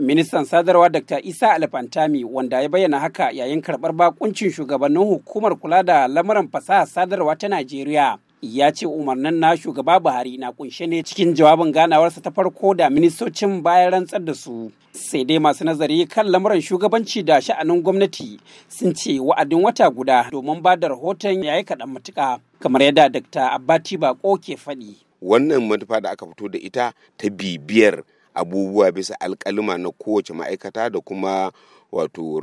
Ministan sadarwa Dr. Isa Alfantami wanda ya bayyana haka yayin karɓar bakuncin shugabannin hukumar kula da lamuran fasaha sadarwa ta Najeriya. Ya ce umarnin na shugaba Buhari na kunshe ne cikin jawabin ganawarsa ta farko da ministocin bayan rantsar da su. Sai dai masu nazari kan lamuran shugabanci da sha'anin gwamnati sun ce wa'adin wata guda domin ba da rahoton ya yi kaɗan matuƙa kamar yadda Dr. Abbati Bako ke faɗi. Wannan manufa da aka fito da ita ta bibiyar abubuwa bisa alkalima na kowace ma'aikata da kuma wato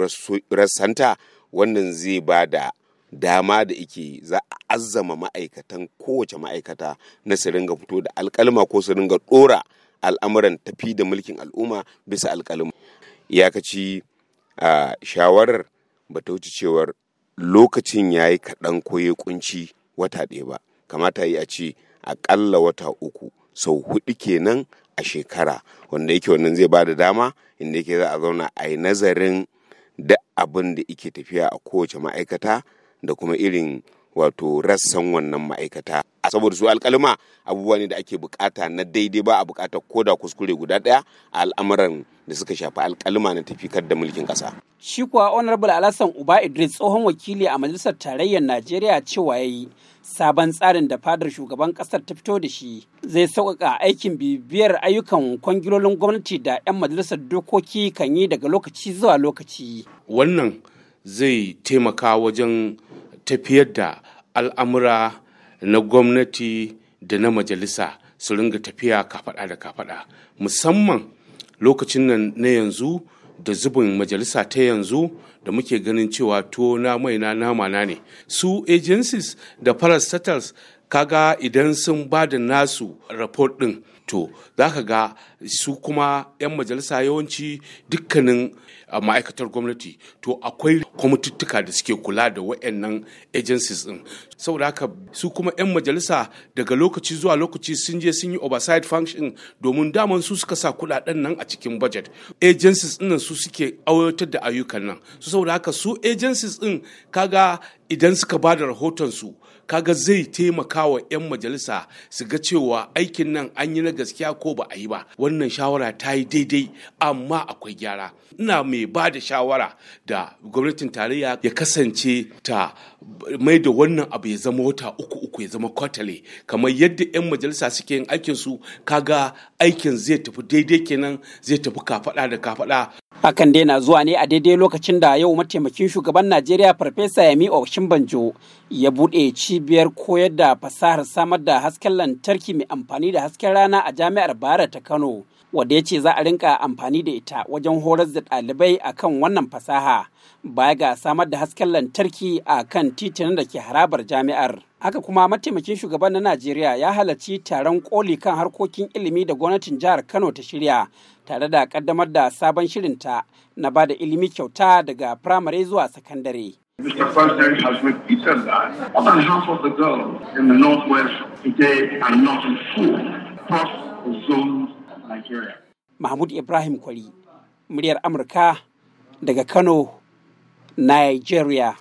rassanta wannan zai ba da dama da ike za a azzama ma'aikatan kowace ma'aikata na su fito da alkalima ko su ringa dora al'amuran tafi da mulkin al'umma bisa alkalima iyakaci a shawarar ba ta wuce cewar lokacin ya yi kaɗan koye kunci wata ɗaya ba kamata yi a ce aƙalla wata uku sau hudu kenan a shekara wanda yake wannan zai ba da dama inda yake za a zauna a yi nazarin da abin da yake tafiya a kowace ma'aikata da kuma irin wato rassan wannan ma'aikata saboda su alkalima abubuwa ne da ake bukata na daidai ba a ko da kuskure guda daya a al'amuran da suka shafi alkalima na tafikar da mulkin ƙasa. Shi kuwa Honorable Alassan Uba Idris tsohon wakili a Majalisar Tarayyar Najeriya cewa ya yi sabon tsarin da fadar shugaban ƙasar ta fito da shi zai sauƙaƙa aikin bibiyar ayyukan kwangilolin gwamnati da 'yan majalisar dokoki kan yi daga lokaci zuwa lokaci. Wannan zai taimaka wajen tafiyar da al'amura na gwamnati da na majalisa su ringa tafiya kafaɗa da kafaɗa musamman lokacin nan na yanzu da zubin majalisa ta yanzu da muke ganin cewa tuwo na mai na nama na ne su agencies da parastatals kaga idan sun ba da nasu rapport din to za ka ga su kuma 'yan majalisa yawanci dukkanin ah, ma'aikatar gwamnati to akwai kwamituttuka da suke kula da wa'annan agencies din saboda haka su kuma 'yan majalisa daga lokaci zuwa lokaci sun je sun yi oversight function domin daman su suka sa kudaden nan a cikin budget agencies din su suke aiwatar da ayyukan nan saboda haka su agencies din kaga idan suka ba da rahotonsu kaga zai taimaka wa 'yan majalisa su ga cewa aikin nan an yi na gaskiya ko ba a yi ba wannan shawara ta yi daidai amma akwai gyara ina mai ba da shawara da gwamnatin tarayya ya kasance ta mai da wannan abu ya zama wata uku uku ya zama kwatale kamar yadda 'yan majalisa suke yin aikinsu kaga aikin zai tafi daidai kenan zai tafi kafaɗa da kafaɗa Hakan dai na zuwa ne a daidai lokacin da yau mataimakin shugaban Najeriya Farfesa Yami Banjo ya buɗe cibiyar koyar da fasahar samar da hasken lantarki mai amfani da hasken rana a Jami'ar Bara ta Kano, wadda ya ce za a rinka amfani da ita wajen horar da ɗalibai a kan wannan fasaha, baya ga samar da hasken lantarki a kan titinan da ke harabar jami'ar. Aka kuma mataimakin shugaban na Najeriya ya halarci taron koli kan harkokin ilimi da gwamnatin jihar Kano ta shirya tare da kaddamar da sabon shirinta na bada ilimi kyauta daga firamare zuwa sakandare. Mr. President has repeated that more than half of the girls in the Northwest today are not in school across the zones of Nigeria. Mahmud Ibrahim Kwari, muryar Amurka daga Kano, Nigeria.